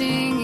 watching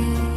you